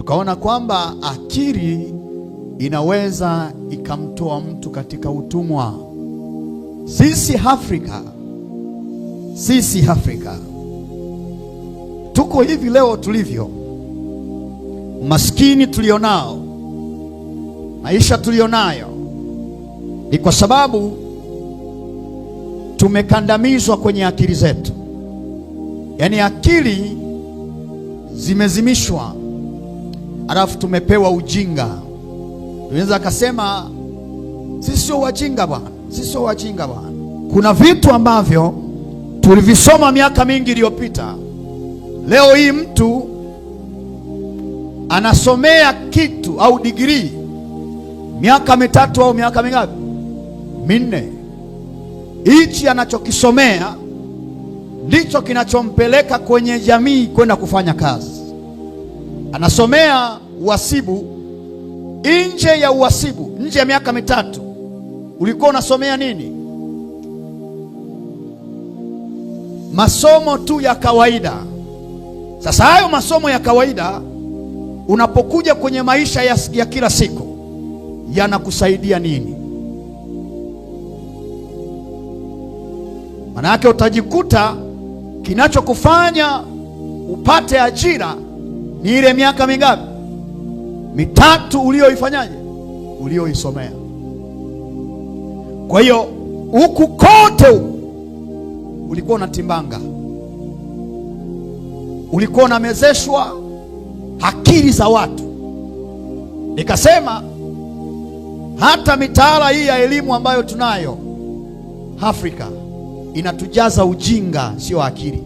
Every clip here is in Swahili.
tukaona kwamba akili inaweza ikamtoa mtu katika utumwa. Sisi Afrika, sisi Afrika tuko hivi leo tulivyo, maskini tulionao, maisha tulionayo ni kwa sababu tumekandamizwa kwenye akili zetu, yaani akili zimezimishwa alafu tumepewa ujinga. Unaweza akasema sisi sio wajinga bwana, sisi sio wajinga bwana. Kuna vitu ambavyo tulivisoma miaka mingi iliyopita, leo hii mtu anasomea kitu au digrii miaka mitatu au miaka mingapi? Minne. Hichi anachokisomea ndicho kinachompeleka kwenye jamii kwenda kufanya kazi. Anasomea uhasibu, nje ya uhasibu, nje ya miaka mitatu ulikuwa unasomea nini? Masomo tu ya kawaida. Sasa hayo masomo ya kawaida unapokuja kwenye maisha ya, ya kila siku yanakusaidia nini? Maana yake utajikuta kinachokufanya upate ajira ni ile miaka mingapi? mitatu ulioifanyaje, ulioisomea. Kwa hiyo huku kote ulikuwa unatimbanga, ulikuwa unamezeshwa akili za watu. Nikasema hata mitaala hii ya elimu ambayo tunayo Afrika inatujaza ujinga, sio akili,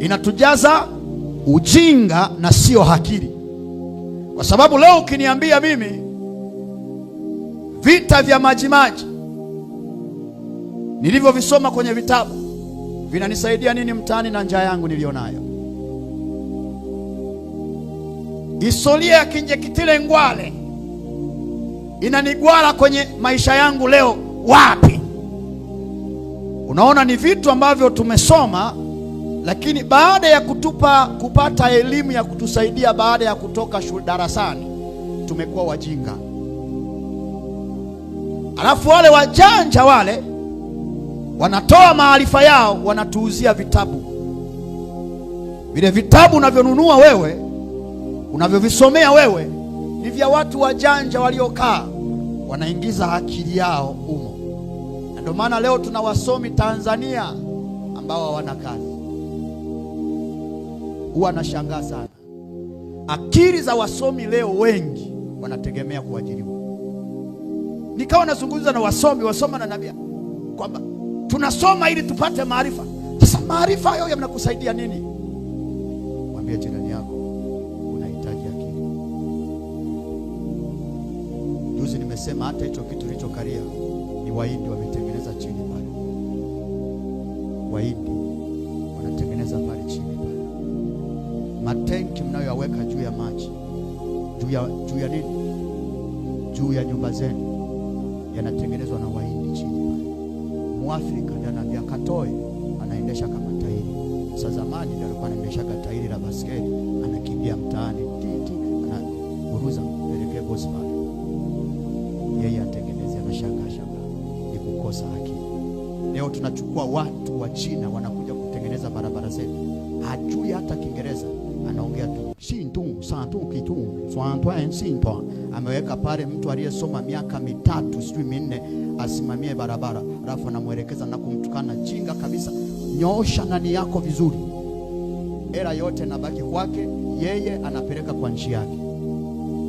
inatujaza ujinga na sio akili, kwa sababu leo ukiniambia mimi vita vya Majimaji nilivyovisoma kwenye vitabu vinanisaidia nini mtaani na njaa yangu nilionayo? Historia ya Kinjekitile Ngwale inanigwala kwenye maisha yangu leo wapi? Unaona, ni vitu ambavyo tumesoma lakini baada ya kutupa kupata elimu ya kutusaidia baada ya kutoka shule darasani, tumekuwa wajinga. Alafu wale wajanja wale wanatoa maarifa yao, wanatuuzia vitabu. Vile vitabu unavyonunua wewe, unavyovisomea wewe, ni vya watu wajanja waliokaa wanaingiza akili yao humo, na ndio maana leo tuna wasomi Tanzania ambao hawana kazi huwa anashangaa sana. Akili za wasomi leo wengi wanategemea kuajiriwa. Nikawa nazungumza na wasomi wasoma na nabia kwamba tunasoma ili tupate maarifa. Sasa maarifa hayo yanakusaidia nini? Mwambie jirani yako unahitaji akili. Juzi nimesema hata hicho kitu kilicho ni Wahindi wametengeneza chini pale, Wahindi matenki mnayoyaweka juu ya maji, juu ya, juu ya nini, juu ya nyumba zenu yanatengenezwa na Wahindi chini pale. Mwafrika ndiye akatoe, anaendesha kama tairi. Sasa zamani ndio alikuwa kama tairi la baskeli, anakimbia mtaani titi, anaburuza pelekee bosi pale, yeye atengeneze, anashangaa shanga, ni kukosa haki. Leo tunachukua watu wa China wanakuja kutengeneza barabara zetu, hajui hata Kiingereza anaongea tu, si tu saa tu kitu fantwa sintwa. Ameweka pale mtu aliyesoma miaka mitatu sijui minne asimamie barabara, alafu anamwelekeza na kumtukana jinga kabisa. Nyoosha nani yako vizuri, era yote nabaki kwake yeye, anapeleka kwa nchi yake.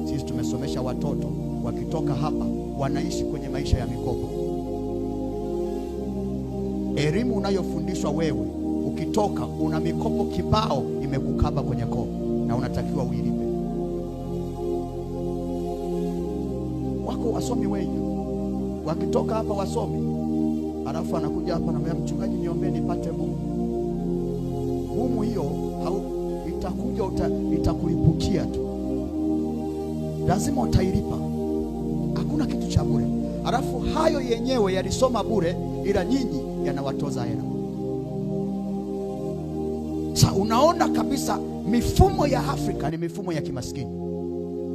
Sisi tumesomesha watoto, wakitoka hapa wanaishi kwenye maisha ya mikopo. Elimu unayofundishwa wewe ukitoka una mikopo kibao imekukaba kwenye koo na unatakiwa uilipe. Wako wasomi wengi wakitoka hapa wasomi, alafu anakuja hapa anambia, mchungaji, niombe nipate Mungu. Humu hiyo itakuja itakulipukia tu, lazima utailipa, hakuna kitu cha bure. Alafu hayo yenyewe yalisoma bure, ila nyinyi yanawatoza hela. Sasa unaona kabisa mifumo ya Afrika ni mifumo ya kimaskini.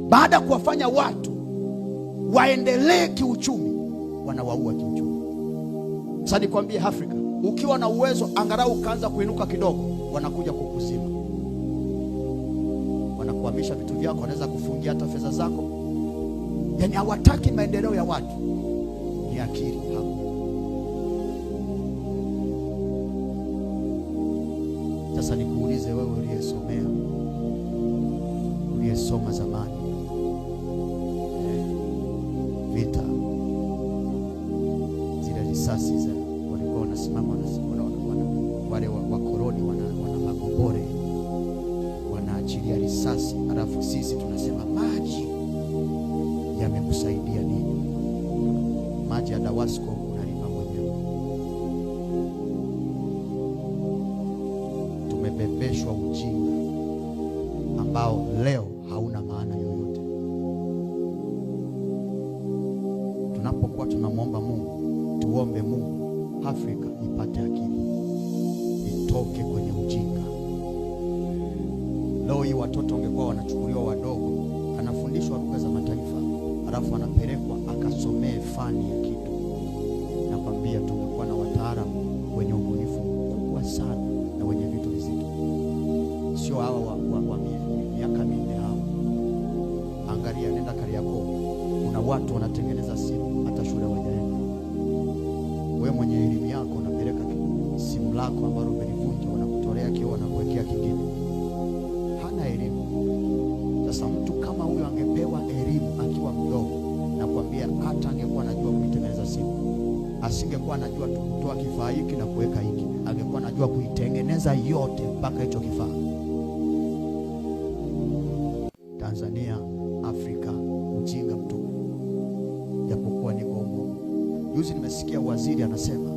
Baada ya kuwafanya watu waendelee kiuchumi, wanawaua kiuchumi. Sasa nikwambie, Afrika ukiwa na uwezo angalau ukaanza kuinuka kidogo, wanakuja kukuzima, wanakuhamisha vitu vyako, wanaweza kufungia hata fedha zako. Yaani hawataki maendeleo ya watu, ni akili. Sasa nikuulize wewe uliyesomea, uliyesoma zamani vita zile risasi za walikuwa wanasimama wale wakoloni wana, wana, wana magobore wanaachilia risasi, halafu sisi tunasema maji yamekusaidia nini? Maji ya Dawasco ambao leo hauna maana yoyote. Tunapokuwa tunamwomba Mungu, tuombe Mungu Afrika ipate akili, itoke kwenye ujinga. Leo hii watoto wangekuwa wanachukuliwa wadogo, anafundishwa lugha za mataifa, halafu anapelekwa akasomee fani ya kitu, nakwambia tu watu wanatengeneza simu, hata shule wajaenda. Wewe mwenye elimu yako unapeleka simu lako ambalo umelivunja, wanakutolea kio, na kuwekea kingine. Hana elimu. Sasa mtu kama huyo angepewa elimu akiwa mdogo, nakwambia hata angekuwa anajua kuitengeneza simu, asingekuwa anajua tu kutoa kifaa hiki na kuweka hiki, angekuwa anajua kuitengeneza yote mpaka hicho kifaa waziri anasema,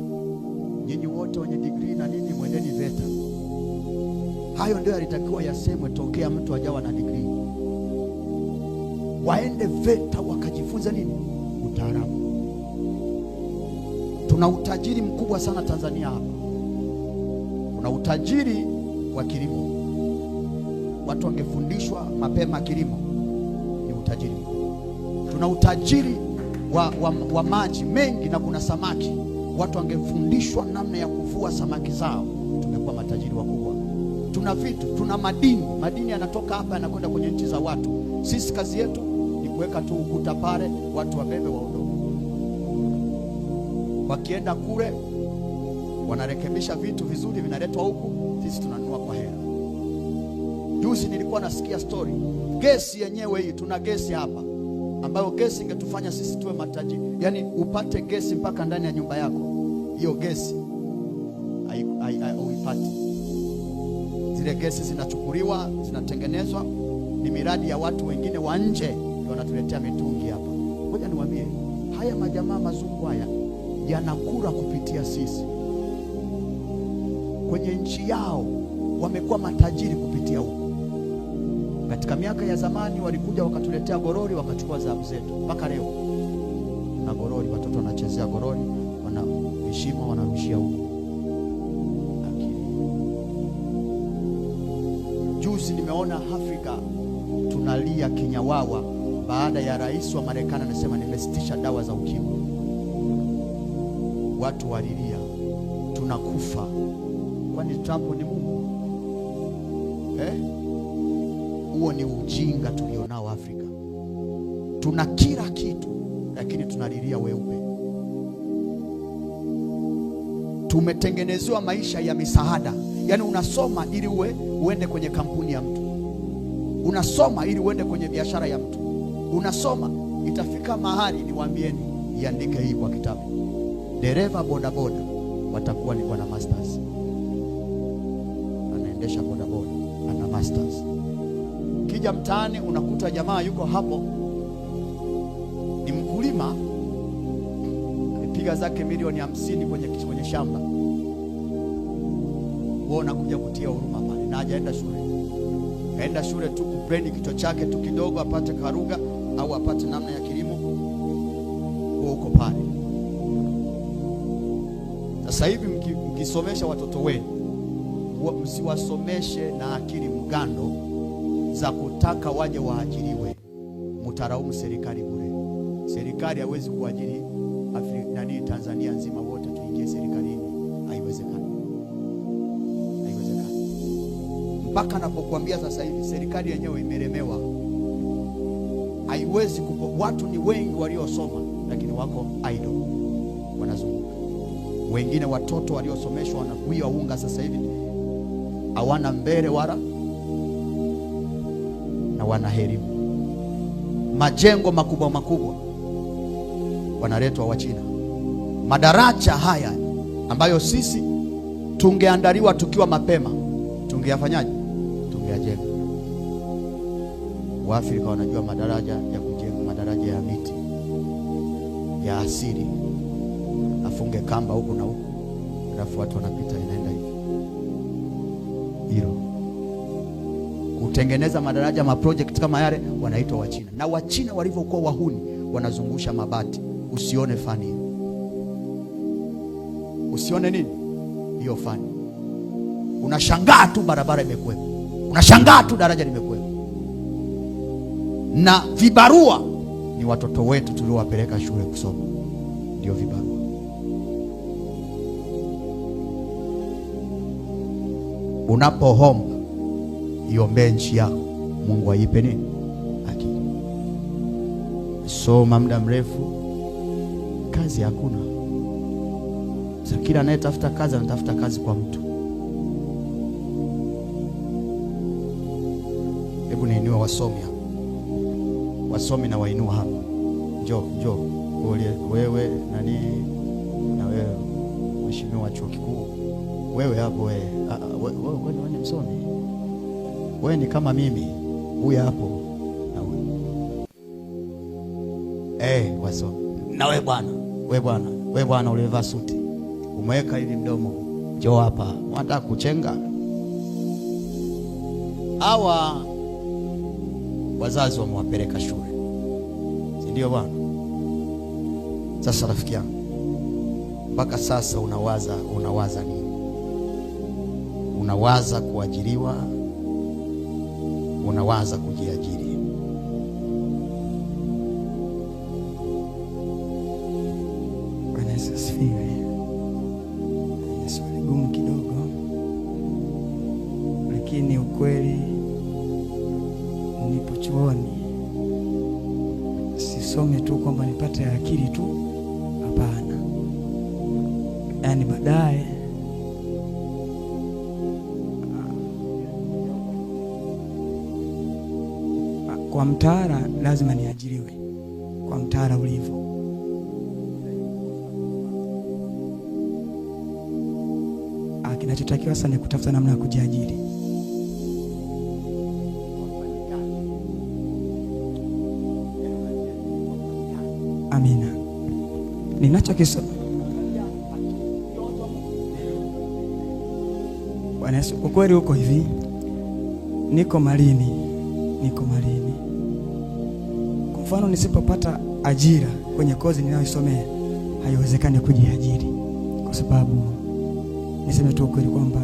nyinyi wote wenye digrii na nini, mwendeni VETA. Hayo ndio yalitakiwa yasemwe tokea mtu ajawa na digrii, waende VETA wakajifunza nini, utaalamu. Tuna utajiri mkubwa sana Tanzania hapa, kuna utajiri wa kilimo. Watu wangefundishwa mapema kilimo, ni utajiri mkubwa. Tuna utajiri wa, wa, wa maji mengi na kuna samaki, watu wangefundishwa namna ya kuvua samaki zao, tumekuwa matajiri wakubwa. Tuna vitu, tuna madini. Madini yanatoka hapa yanakwenda kwenye nchi za watu. Sisi kazi yetu ni kuweka tu ukuta pale, watu wabebe waondoke. Wakienda kule wanarekebisha vitu vizuri, vinaletwa huku, sisi tunanunua kwa hela. Juzi nilikuwa nasikia story, gesi yenyewe hii, tuna gesi hapa ambayo gesi ingetufanya sisi tuwe matajiri, yaani upate gesi mpaka ndani ya nyumba yako, hiyo gesi hauipati. Zile gesi zinachukuliwa, zinatengenezwa, ni miradi ya watu wengine wa nje ndio wanatuletea mitungi hapa. Ngoja niwaambie, haya majamaa mazungu haya yanakula kupitia sisi. Kwenye nchi yao wamekuwa matajiri kupitia huko. Katika miaka ya zamani walikuja wakatuletea gorori wakachukua dhahabu zetu, mpaka leo na gorori, watoto wanachezea gorori, wana heshima, wanaamshia huko. Lakini juzi nimeona Afrika tunalia kinyawawa baada ya rais wa Marekani anasema nimesitisha dawa za ukimwi. Watu walilia tunakufa, kwani Trump ni Mungu eh? Huo ni ujinga tulionao Afrika. Tuna kila kitu, lakini tunalilia weupe. Tumetengenezewa maisha ya misaada, yaani unasoma ili uwe uende kwenye kampuni ya mtu, unasoma ili uende kwenye biashara ya mtu, unasoma. Itafika mahali niwaambieni, iandike hii kwa kitabu, dereva bodaboda watakuwa ni wana masters, anaendesha bodaboda ana masters ukija mtaani unakuta jamaa yuko hapo, ni mkulima, amepiga zake milioni hamsini kwenye, kwenye shamba. Wewe unakuja kutia huruma pale, na hajaenda shule, aenda shule tu kubreni kichwa chake tu kidogo apate karuga au apate namna ya kilimo, wewe uko pale. Sasa hivi mkisomesha watoto wenu msiwasomeshe na akili mgando za kutaka waje waajiriwe, mutaraumu serikali bure. Serikali hawezi kuajiri nani Tanzania nzima wote tuingie serikalini, haiwezekani, haiwezekani. Mpaka napokuambia sasa hivi serikali yenyewe imelemewa, haiwezi kupo. Watu ni wengi waliosoma, lakini wako idle, wanazunguka. Wengine watoto waliosomeshwa wanakuia unga sasa hivi hawana mbele wala na wanaherimu. Majengo makubwa makubwa wanaletwa Wachina, madaraja haya ambayo sisi tungeandaliwa tukiwa mapema, tungeyafanyaje? Tungeyajenga. Waafrika wanajua madaraja ya kujenga, madaraja ya miti ya asili, afunge kamba huku na huku, alafu watu wanapita, inaenda hivi hilo kutengeneza madaraja maproject kama yale wanaitwa Wachina. Na Wachina walivyokuwa wahuni, wanazungusha mabati. Usione fani hiyo, usione nini hiyo fani. Unashangaa tu barabara imekuwepo, unashangaa tu daraja limekuwepo, na vibarua ni watoto wetu tuliowapeleka shule kusoma, ndio vibarua. Unapo home iombee nchi yako, Mungu aipe nini akili. Soma muda mrefu, kazi hakuna. Kila anayetafuta kazi anatafuta kazi kwa mtu. Hebu niinue wasomi hapa, wasomi na wainua hapa, njoo njoo, wewe nani na wewe mheshimiwa wa chuo kikuu, wewe hapo wewe, wewe ah, ah, wewe, msomi wewe ni kama mimi, huyu hapo na huyu eh, waso na wewe bwana, wewe bwana, wewe bwana, ulivaa suti umeweka hivi mdomo, njoo hapa, unataka kuchenga. Hawa wazazi wamewapeleka shule, si ndio bwana? Sasa rafiki yangu, mpaka sasa unawaza, unawaza nini? Unawaza kuajiriwa unawaza kujiajiri. sasa ni kutafuta namna ya kujiajiri. Amina. Ninachokisoma Bwana Yesu, ukweli uko hivi, niko malini, niko malini. Kwa mfano, nisipopata ajira kwenye kozi ninayosomea haiwezekani kujiajiri kwa sababu niseme tu ukweli kwamba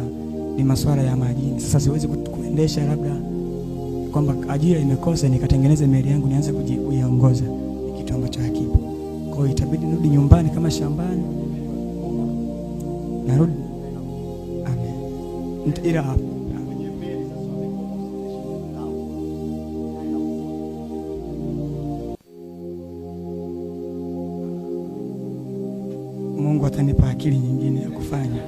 ni masuala ya majini. Sasa siwezi kuendesha labda kwamba ajira imekosa nikatengeneza meli yangu nianze kuiongoza, ni kitu ambacho hakipo. Kwa hiyo itabidi nirudi nyumbani kama shambani, narudi amen, ila hapo Mungu atanipa akili nyingine ya kufanya.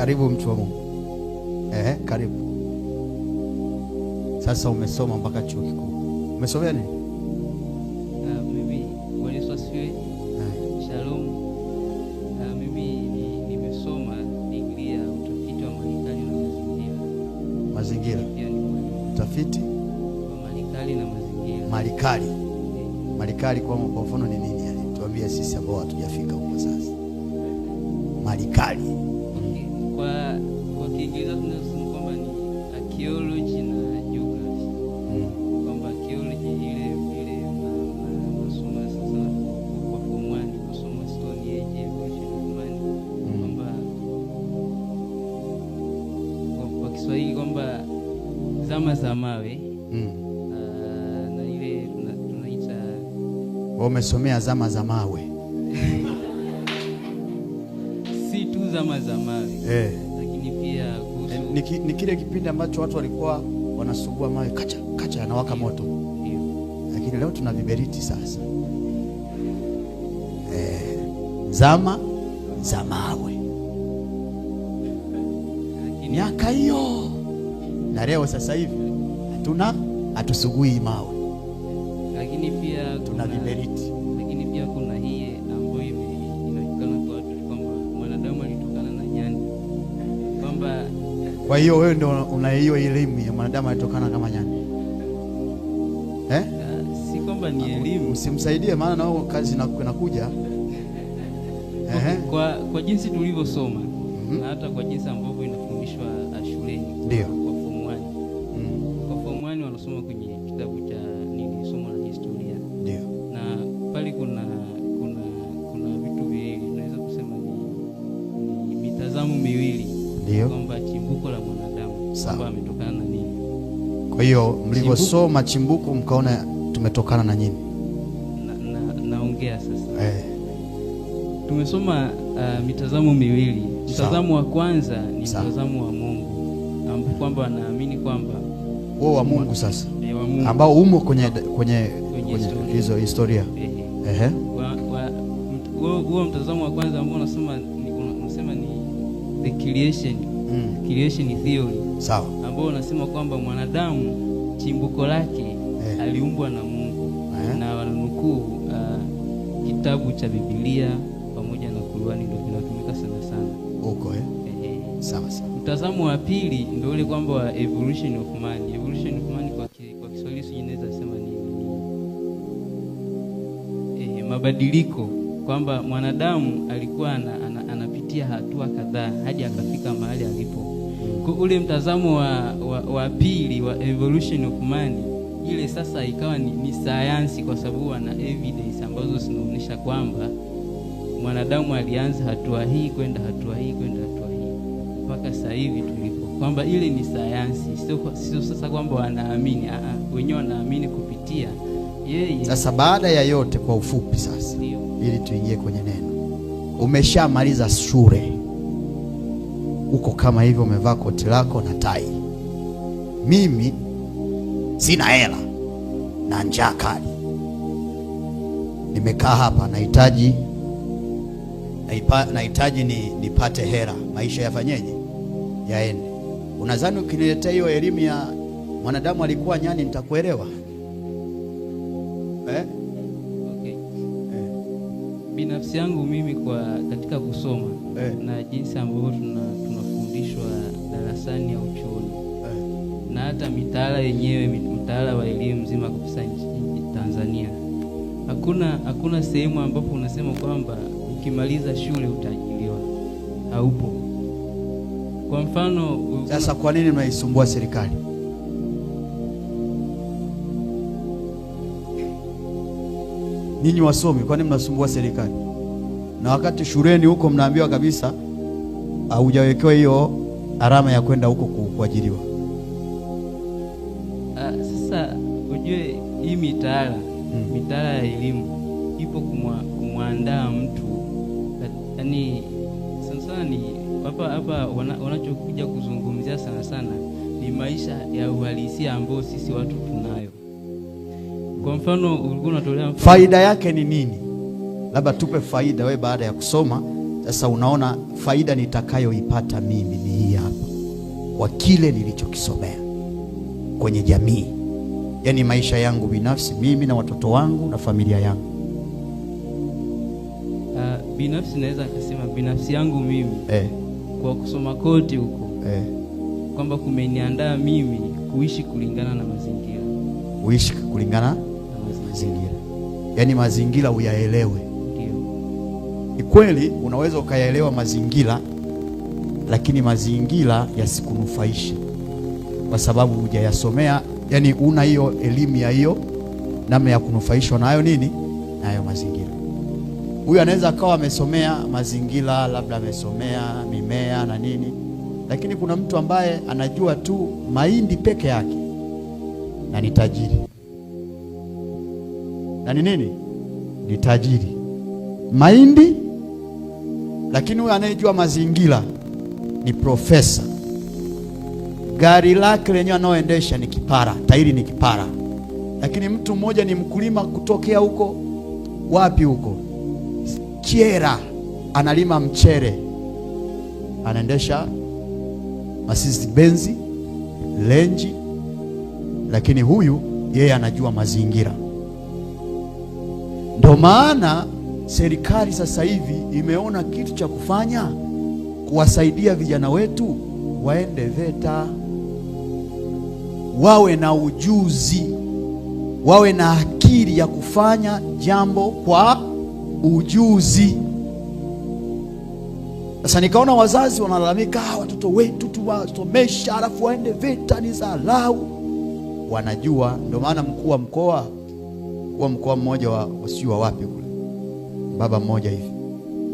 Karibu mtu wa Mungu. Eh, karibu. Sasa umesoma mpaka chuo kikuu. Umesomea nini? Ah, ah, ni ya utafiti malikali malikali Malikali kwa mfano ni nini yani? Tuambie sisi ambao hatujafika. alama za mawe mm. Uh, na ile tunaita umesomea zama za mawe si tu zama za mawe eh. Lakini pia kuhusu... eh, ni, ni kile kipindi ambacho watu walikuwa wanasugua mawe kacha kacha yanawaka moto Dio. Lakini leo tuna viberiti sasa eh, zama za mawe miaka hiyo na leo sasa hivi hatuna hatusugui mawe, lakini pia tuna viberiti. Lakini pia kuna hii ambayo inajulikana kwa watu kwamba mwanadamu alitokana na nyani, kwamba kwa hiyo wewe ndio una hiyo elimu ya mwanadamu alitokana kama nyani eh? Ah, si kwamba ni elimu, usimsaidie maana nao kazi inakuja Kwa, kwa jinsi tulivyosoma mm -hmm. na hata kwa jinsi ambavyo mlivyosoma chimbuko mkaona tumetokana na nyinyi? Naongea na, na sasa eh. Tumesoma uh, mitazamo miwili. Mtazamo wa kwanza ni mtazamo wa Mungu ambapo kwamba anaamini kwamba wewe wa Mungu sasa eh, ambao umo kwenye kwenye kwenye hizo historia eh, eh. ehe, huo mtazamo wa kwanza ambao unasema unasema ni the creation mm. creation theory sawa, ambao unasema kwamba mwanadamu chimbuko lake eh, aliumbwa na Mungu eh, na wananukuu uh, kitabu cha Biblia pamoja na Qur'ani ndio vinatumika sana sana huko eh? Eh, eh. Sawa sawa. Mtazamo wa pili ndio ule kwamba evolution of man. Evolution of man kwa ki, kwa Kiswahili sijui naweza sema nini. Eh, mabadiliko kwamba mwanadamu alikuwa ana, ana, anapitia hatua kadhaa hadi akafika mahali alipo ule mtazamo wa, wa, wa pili wa evolution of man ile sasa ikawa ni, ni sayansi kwa sababu wana evidence ambazo zinaonyesha kwamba mwanadamu alianza hatua hii kwenda hatua hii kwenda hatua hii mpaka sasa hivi tulipo, kwamba ile ni sayansi, sio sasa kwamba wanaamini wenyewe, wanaamini kupitia yeye. Sasa baada ya yote, kwa ufupi sasa, ili tuingie kwenye neno, umeshamaliza shule uko kama hivyo, umevaa koti lako na tai. Mimi sina hela na njaa kali, nimekaa hapa, nahitaji nahitaji ni, nipate hela, maisha yafanyeje, yaende. Unadhani ukiniletea hiyo elimu ya mwanadamu alikuwa nyani nitakuelewa eh? binafsi yangu mimi kwa katika kusoma eh, na jinsi ambavyo tunafundishwa darasani au chuoni eh, na hata mitaala yenyewe mtaala wa elimu mzima kabisa nchini Tanzania, hakuna hakuna sehemu ambapo unasema kwamba ukimaliza shule utajiliwa haupo. Kwa mfano sasa, kwa nini mnaisumbua serikali? Ninyi wasomi, kwani mnasumbua serikali? Na wakati shuleni huko mnaambiwa kabisa haujawekewa hiyo alama ya kwenda huko kuajiriwa. Uh, sasa ujue hii mitaala hmm, mitaala ya elimu ipo kumwandaa mtu yaani sana sana ni hapa hapa wanachokuja wana kuzungumzia sana sana ni maisha ya uhalisia ambayo sisi watu tunayo. Kwa mfano ulikuwa unatolea faida yake ni nini? Labda tupe faida we baada ya kusoma. Sasa unaona faida nitakayoipata mimi ni hii hapa, kwa kile nilichokisomea kwenye jamii, yaani maisha yangu binafsi, mimi na watoto wangu na familia yangu. Uh, binafsi naweza kusema binafsi yangu mimi eh, kwa kusoma kote huko eh, kwamba kumeniandaa mimi kuishi kulingana na mazingira, kuishi kulingana mazingira, yaani mazingira uyaelewe. Ni kweli unaweza ukayaelewa mazingira, lakini mazingira yasikunufaishe kwa sababu hujayasomea, yaani una hiyo elimu ya hiyo namna ya kunufaishwa nayo nini, nayo mazingira. Huyu anaweza akawa amesomea mazingira, labda amesomea mimea na nini, lakini kuna mtu ambaye anajua tu mahindi peke yake na ni tajiri na ni nini? Ni tajiri mahindi. Lakini huyo anayejua mazingira ni profesa. Gari lake lenyewe anaoendesha ni kipara, tairi ni kipara. Lakini mtu mmoja ni mkulima kutokea huko wapi, huko Chiera, analima mchere, anaendesha masisi benzi lenji. Lakini huyu yeye anajua mazingira. Ndio maana serikali sasa hivi imeona kitu cha kufanya kuwasaidia vijana wetu waende VETA, wawe na ujuzi, wawe na akili ya kufanya jambo kwa ujuzi. Sasa nikaona wazazi wanalalamika, ah, watoto wetu tuwasomesha alafu waende VETA ni dharau. Wanajua, ndio maana mkuu wa mkoa alikuwa mkoa mmoja wa wa wapi kule, baba mmoja hivi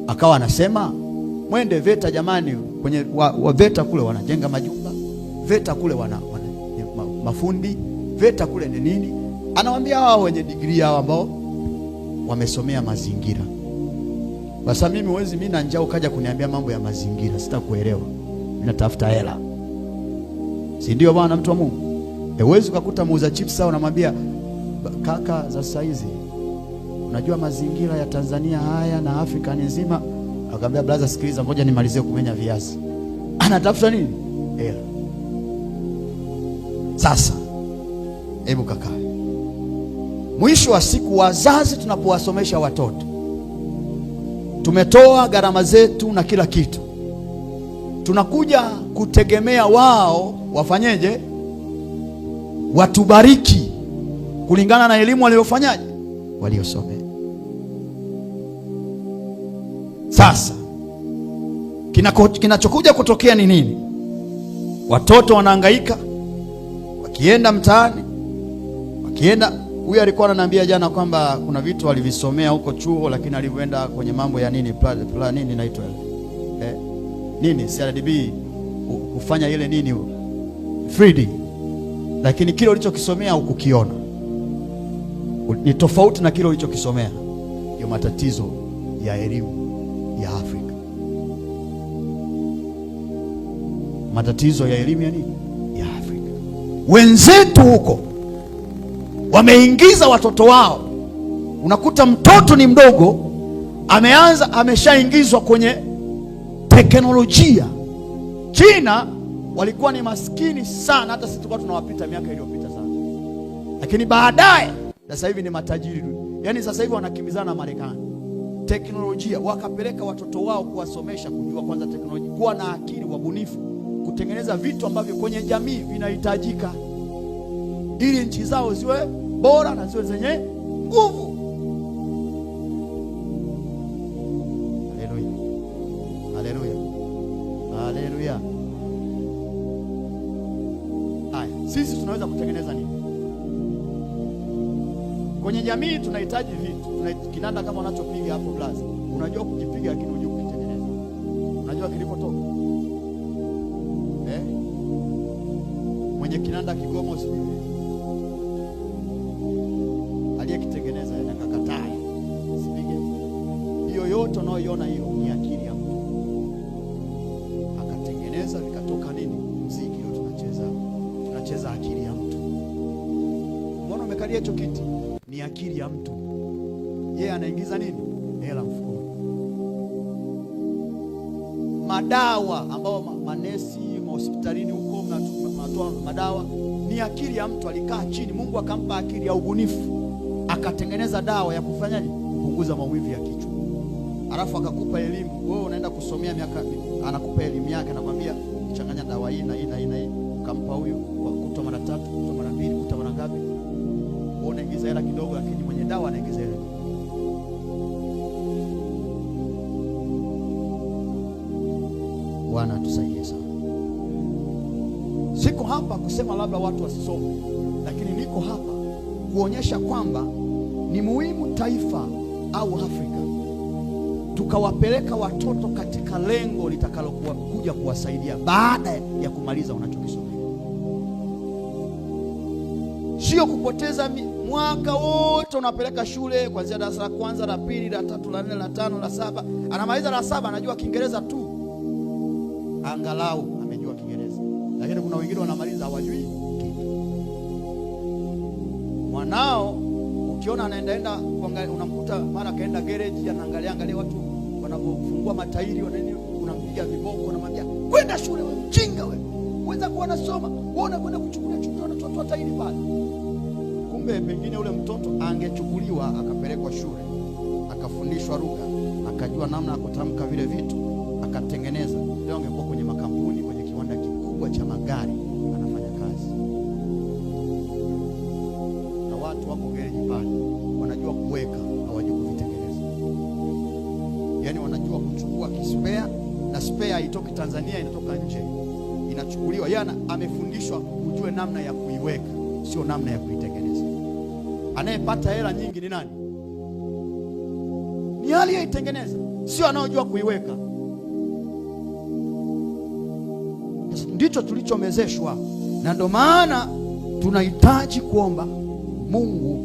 akawa anasema mwende VETA jamani, kwenye wa, wa VETA kule wanajenga majumba, VETA kule wana, wana ma, mafundi VETA kule ni nini? Anawaambia hao wenye digrii hao ambao wamesomea mazingira. Basa mimi wezi mimi na njaa ukaja kuniambia mambo ya mazingira, sitakuelewa. Mimi natafuta hela, si ndio bwana, mtu wa Mungu? Huwezi ukakuta muuza chips sawa, unamwambia kaka za saizi, unajua mazingira ya Tanzania haya na Afrika nzima. Akamwambia brother, sikiliza, ngoja nimalizie kumenya viazi. Anatafuta nini? Hela. Sasa hebu kaka, mwisho wa siku, wazazi tunapowasomesha watoto, tumetoa gharama zetu na kila kitu, tunakuja kutegemea wao wafanyeje? Watubariki kulingana na elimu waliyofanyaje, waliosomea. Sasa kinachokuja kutokea ni nini? Watoto wanahangaika wakienda mtaani, wakienda huyu alikuwa ananiambia jana kwamba kuna vitu alivisomea huko chuo, lakini alivyoenda kwenye mambo ya nini pla, pla, nini naitwa eh, nini CRDB kufanya ile nini 3D, lakini kile ulichokisomea hukukiona ni tofauti na kile ulichokisomea, ndio matatizo ya elimu ya Afrika, matatizo ya elimu ya nini ya Afrika. Wenzetu huko wameingiza watoto wao, unakuta mtoto ni mdogo, ameanza ameshaingizwa kwenye teknolojia. China walikuwa ni maskini sana, hata sisi tulikuwa tunawapita miaka iliyopita sana, lakini baadaye sasa hivi ni matajiri tu. Yaani sasa hivi wanakimbizana na Marekani teknolojia, wakapeleka watoto wao kuwasomesha kujua kwanza teknolojia, kuwa na akili, wabunifu, kutengeneza vitu ambavyo kwenye jamii vinahitajika, ili nchi zao ziwe bora na ziwe zenye nguvu. unahitaji vitu una kinanda kama unachopiga hapo blaza, unajua kukipiga lakini unajua kukitengeneza, unajua kilipotoka eh? mwenye kinanda kigomo sijui aliyekitengeneza nakakataa sipige. Hiyo yote unaoiona hiyo ni akili ya mtu, akatengeneza vikatoka nini? Mziki leo tunacheza, tunacheza akili ya mtu. Mbona umekalia hicho kiti? akili ya mtu, yeye anaingiza nini? Hela mfukoni. Madawa ambayo manesi mahospitalini huko mnatoa madawa, ni akili ya mtu. Alikaa chini, Mungu akampa akili ya ubunifu, akatengeneza dawa ya kufanyaje? Kupunguza maumivu ya kichwa, alafu akakupa elimu. Wewe unaenda kusomea miaka, anakupa elimu yake, anakwambia changanya dawa hii na hii na hii, ukampa huyu, wakuta mara tatu, kuta mara mbili, kuta mara ngapi anaingiza hela kidogo, lakini mwenye dawa anaingiza hela. Bwana tusaidie sana. Siko hapa kusema labda watu wasisome, lakini niko hapa kuonyesha kwamba ni muhimu taifa au Afrika tukawapeleka watoto katika lengo litakalokuwa kuja kuwasaidia baada ya kumaliza unachokisomea, sio kupoteza mi mwaka wote unapeleka shule kuanzia darasa la kwanza, la pili, la tatu, la nne, la tano, la saba. Anamaliza la saba anajua Kiingereza tu, angalau amejua Kiingereza, lakini kuna wengine wanamaliza hawajui kitu. Mwanao ukiona anaendaenda, unamkuta mara kaenda gereji, anaangalia angalia watu wanavyofungua matairi wanani, unampiga viboko, unamwambia kwenda shule, wewe mjinga wewe, uweza kuwa nasoma wewe kwenda kuchukulia chupa, unatoa tairi pale kumbe pengine ule mtoto angechukuliwa akapelekwa shule akafundishwa lugha akajua namna ya kutamka vile vitu akatengeneza, leo angekuwa kwenye makampuni, kwenye kiwanda kikubwa cha magari anafanya kazi. Na watu wako vile nyumbani wanajua kuweka, hawajui kuvitengeneza, yaani wanajua kuchukua kispea na spea itoke Tanzania, inatoka nje, inachukuliwa. Yana amefundishwa kujue namna ya kuiweka sio namna ya kuitengeneza Anayepata hela nyingi ni nani? Ni aliyeitengeneza, sio anayojua kuiweka. Ndicho tulichomezeshwa, na ndio maana tunahitaji kuomba Mungu